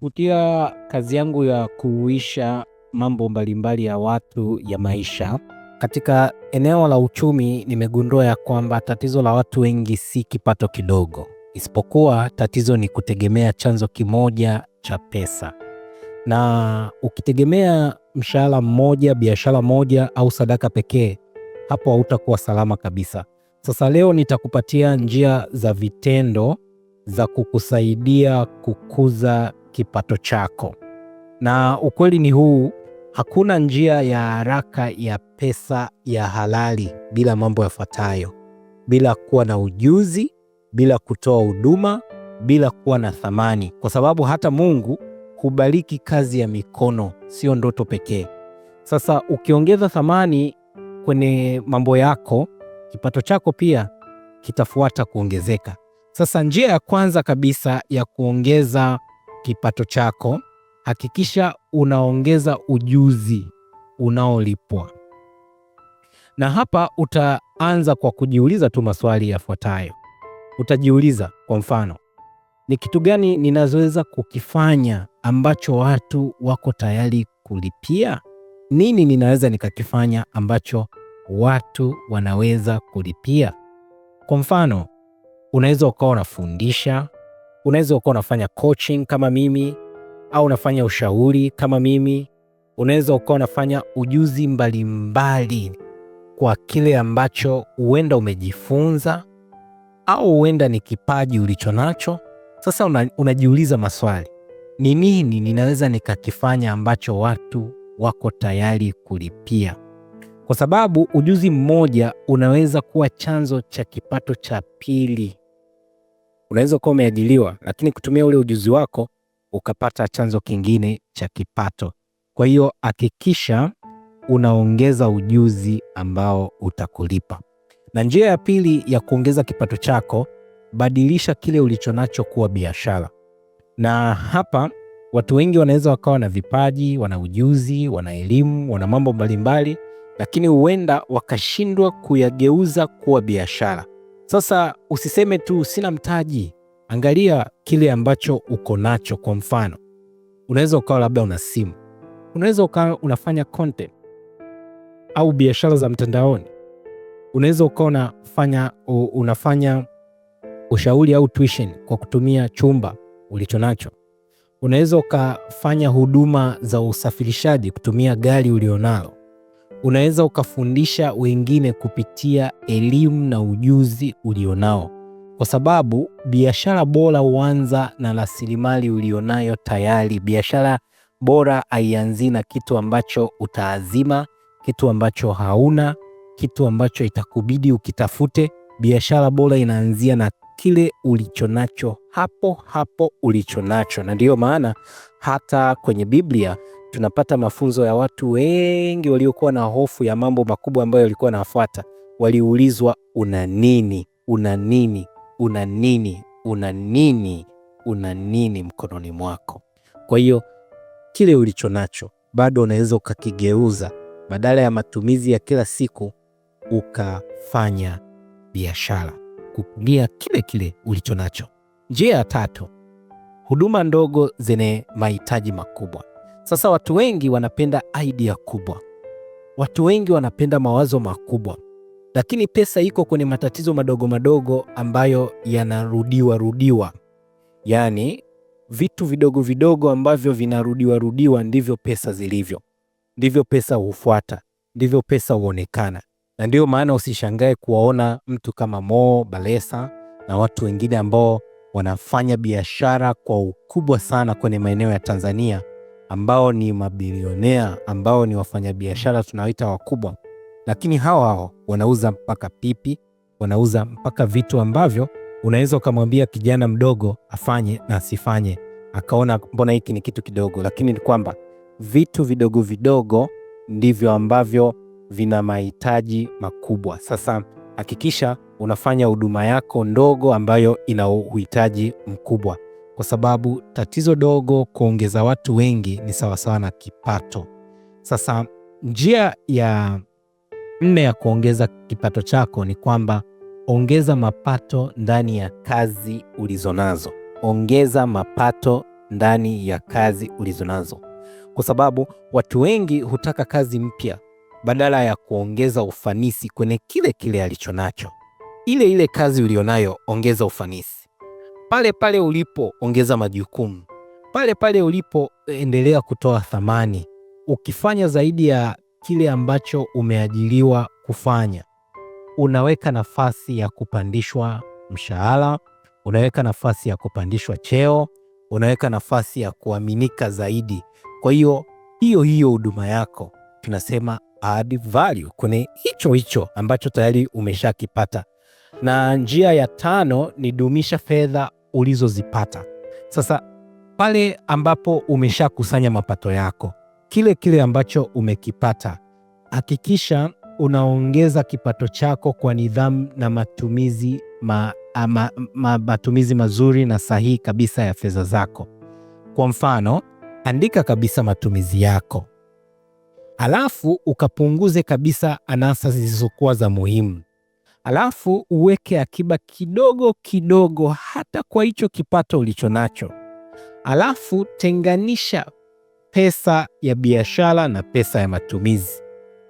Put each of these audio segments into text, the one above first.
kupitia kazi yangu ya kuhuisha mambo mbalimbali ya watu ya maisha katika eneo la uchumi, nimegundua ya kwamba tatizo la watu wengi si kipato kidogo, isipokuwa tatizo ni kutegemea chanzo kimoja cha pesa, na ukitegemea mshahara mmoja, biashara moja au sadaka pekee, hapo hautakuwa salama kabisa. Sasa leo nitakupatia njia za vitendo za kukusaidia kukuza kipato chako. Na ukweli ni huu, hakuna njia ya haraka ya pesa ya halali bila mambo yafuatayo: bila kuwa na ujuzi, bila kutoa huduma, bila kuwa na thamani, kwa sababu hata Mungu hubariki kazi ya mikono, sio ndoto pekee. Sasa ukiongeza thamani kwenye mambo yako, kipato chako pia kitafuata kuongezeka. Sasa njia ya kwanza kabisa ya kuongeza kipato chako, hakikisha unaongeza ujuzi unaolipwa. Na hapa utaanza kwa kujiuliza tu maswali yafuatayo. Utajiuliza kwa mfano, ni kitu gani ninazoweza kukifanya ambacho watu wako tayari kulipia? Nini ninaweza nikakifanya ambacho watu wanaweza kulipia? Kwa mfano, unaweza ukawa unafundisha Unaweza ukawa unafanya coaching kama mimi, au unafanya ushauri kama mimi. Unaweza ukawa unafanya ujuzi mbalimbali mbali kwa kile ambacho huenda umejifunza au huenda ni kipaji ulicho nacho. Sasa una, unajiuliza maswali, ni nini ninaweza nikakifanya ambacho watu wako tayari kulipia? Kwa sababu ujuzi mmoja unaweza kuwa chanzo cha kipato cha pili Unaweza ukawa umeajiliwa, lakini kutumia ule ujuzi wako ukapata chanzo kingine cha kipato. Kwa hiyo hakikisha unaongeza ujuzi ambao utakulipa. Na njia ya pili ya kuongeza kipato chako, badilisha kile ulichonacho kuwa biashara. Na hapa watu wengi wanaweza wakawa na vipaji, wana ujuzi, wana elimu, wana mambo mbalimbali, lakini huenda wakashindwa kuyageuza kuwa biashara. Sasa usiseme tu sina mtaji, angalia kile ambacho uko nacho. Kwa mfano, unaweza ukawa labda una simu, unaweza ukawa unafanya content au biashara za mtandaoni, unaweza ukawa unafanya, unafanya ushauri au tuition kwa kutumia chumba ulicho nacho, unaweza ukafanya huduma za usafirishaji kutumia gari ulionalo unaweza ukafundisha wengine kupitia elimu na ujuzi ulionao, kwa sababu biashara bora huanza na rasilimali ulionayo tayari. Biashara bora haianzi na kitu ambacho utaazima, kitu ambacho hauna, kitu ambacho itakubidi ukitafute. Biashara bora inaanzia na kile ulicho nacho hapo hapo ulicho nacho na ndiyo maana hata kwenye Biblia tunapata mafunzo ya watu wengi waliokuwa na hofu ya mambo makubwa ambayo yalikuwa nafuata. Waliulizwa una nini, una nini, una nini, una nini, una nini mkononi mwako? Kwa hiyo kile ulicho nacho bado unaweza ukakigeuza, badala ya matumizi ya kila siku ukafanya biashara kutumia kile kile ulicho nacho. Njia ya tatu, huduma ndogo zenye mahitaji makubwa. Sasa watu wengi wanapenda idea kubwa, watu wengi wanapenda mawazo makubwa, lakini pesa iko kwenye matatizo madogo madogo ambayo yanarudiwa rudiwa, yaani vitu vidogo vidogo ambavyo vinarudiwa rudiwa ndivyo pesa zilivyo, ndivyo pesa hufuata, ndivyo pesa huonekana. Na ndiyo maana usishangae kuwaona mtu kama Mo Balesa na watu wengine ambao wanafanya biashara kwa ukubwa sana kwenye maeneo ya Tanzania ambao ni mabilionea, ambao ni wafanyabiashara tunawaita wakubwa, lakini hao hao wanauza mpaka pipi, wanauza mpaka vitu ambavyo unaweza ukamwambia kijana mdogo afanye na asifanye, akaona mbona hiki ni kitu kidogo, lakini ni kwamba vitu vidogo vidogo ndivyo ambavyo vina mahitaji makubwa. Sasa hakikisha unafanya huduma yako ndogo ambayo ina uhitaji mkubwa kwa sababu tatizo dogo kuongeza watu wengi ni sawasawa na kipato. Sasa njia ya nne ya kuongeza kipato chako ni kwamba ongeza mapato ndani ya kazi ulizonazo. Ongeza mapato ndani ya kazi ulizonazo, kwa sababu watu wengi hutaka kazi mpya badala ya kuongeza ufanisi kwenye kile kile alichonacho. Ile ile kazi ulionayo, ongeza ufanisi. Pale pale ulipo, ongeza majukumu. Pale pale ulipo, endelea kutoa thamani, ukifanya zaidi ya kile ambacho umeajiriwa kufanya. Unaweka nafasi ya kupandishwa mshahara, unaweka nafasi ya kupandishwa cheo, unaweka nafasi ya kuaminika zaidi. Kwa hiyo hiyo hiyo huduma yako tunasema add value kwenye hicho hicho ambacho tayari umeshakipata. Na njia ya tano ni dumisha fedha ulizozipata. Sasa pale ambapo umeshakusanya mapato yako, kile kile ambacho umekipata, hakikisha unaongeza kipato chako kwa nidhamu na matumizi ma, ama, ma, matumizi mazuri na sahihi kabisa ya fedha zako. Kwa mfano, andika kabisa matumizi yako, alafu ukapunguze kabisa anasa zilizokuwa za muhimu alafu uweke akiba kidogo kidogo, hata kwa hicho kipato ulicho nacho, alafu tenganisha pesa ya biashara na pesa ya matumizi,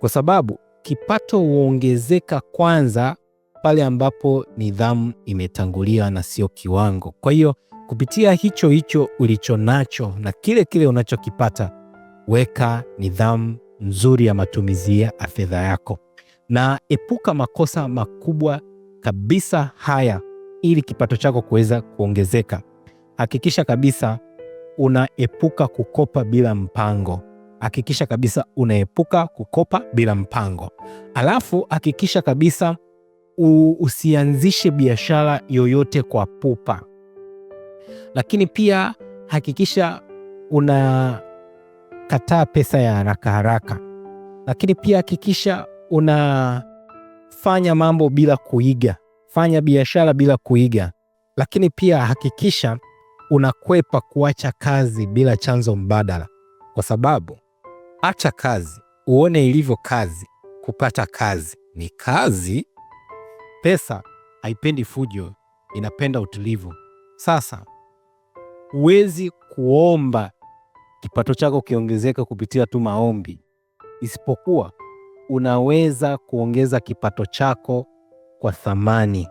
kwa sababu kipato huongezeka kwanza pale ambapo nidhamu imetanguliwa na sio kiwango. Kwa hiyo kupitia hicho hicho ulicho nacho na kile kile unachokipata, weka nidhamu nzuri ya matumizi ya fedha yako na epuka makosa makubwa kabisa haya ili kipato chako kuweza kuongezeka. Hakikisha kabisa unaepuka kukopa bila mpango. Hakikisha kabisa unaepuka kukopa bila mpango. Alafu hakikisha kabisa usianzishe biashara yoyote kwa pupa. Lakini pia hakikisha unakataa pesa ya haraka haraka. Lakini pia hakikisha unafanya mambo bila kuiga, fanya biashara bila kuiga, lakini pia hakikisha unakwepa kuacha kazi bila chanzo mbadala, kwa sababu acha kazi uone ilivyo kazi. Kupata kazi ni kazi. Pesa haipendi fujo, inapenda utulivu. Sasa huwezi kuomba kipato chako kiongezeka kupitia tu maombi, isipokuwa unaweza kuongeza kipato chako kwa thamani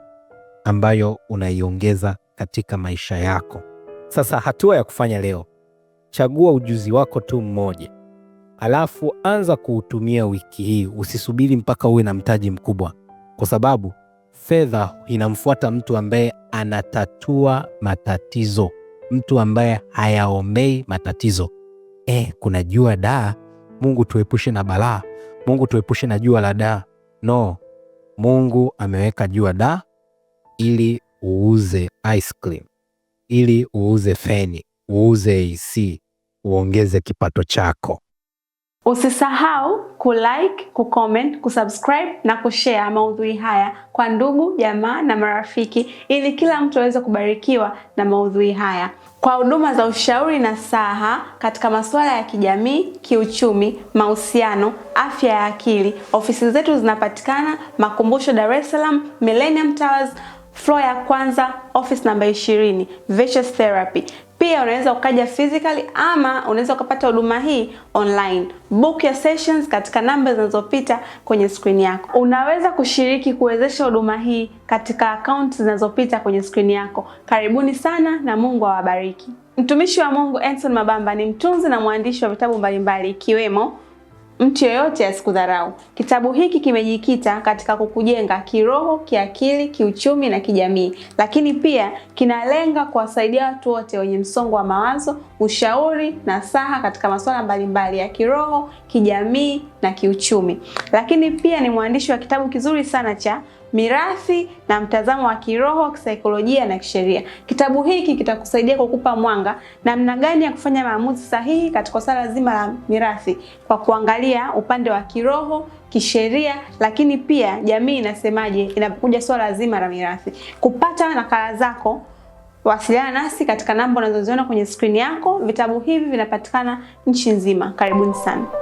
ambayo unaiongeza katika maisha yako. Sasa hatua ya kufanya leo, chagua ujuzi wako tu mmoja, alafu anza kuutumia wiki hii. Usisubiri mpaka uwe na mtaji mkubwa, kwa sababu fedha inamfuata mtu ambaye anatatua matatizo, mtu ambaye hayaombei matatizo. Eh, kuna jua daa. Mungu tuepushe na balaa. Mungu tuepushe na jua la da No, Mungu ameweka jua da ili uuze ice cream, ili uuze feni, uuze AC, uongeze kipato chako. Usisahau kulike, kucomment, kusubscribe na kushare maudhui haya kwa ndugu, jamaa na marafiki ili kila mtu aweze kubarikiwa na maudhui haya. Kwa huduma za ushauri na saha katika masuala ya kijamii, kiuchumi, mahusiano, afya ya akili, ofisi zetu zinapatikana Makumbusho, Dar es Salaam, Millennium Towers, floor ya kwanza, office namba 20, Vicious Therapy. Pia unaweza ukaja physically ama unaweza ukapata huduma hii online. Book your sessions katika namba zinazopita kwenye skrini yako. Unaweza kushiriki kuwezesha huduma hii katika akaunti zinazopita kwenye skrini yako. Karibuni sana na Mungu awabariki. Mtumishi wa Mungu Enson Mabamba ni mtunzi na mwandishi wa vitabu mbalimbali ikiwemo Mtu yoyote asikudharau. Kitabu hiki kimejikita katika kukujenga kiroho, kiakili, kiuchumi na kijamii, lakini pia kinalenga kuwasaidia watu wote wenye msongo wa mawazo, ushauri na saha katika masuala mbalimbali ya kiroho, kijamii na kiuchumi. Lakini pia ni mwandishi wa kitabu kizuri sana cha Mirathi na mtazamo wa kiroho, kisaikolojia na kisheria. Kitabu hiki kitakusaidia kukupa mwanga namna gani ya kufanya maamuzi sahihi katika swala zima la mirathi kwa kuangalia upande wa kiroho, kisheria, lakini pia jamii inasemaje inapokuja swala zima la mirathi. Kupata nakala zako Wasiliana nasi katika namba unazoziona kwenye skrini yako. Vitabu hivi vinapatikana nchi nzima. Karibuni sana.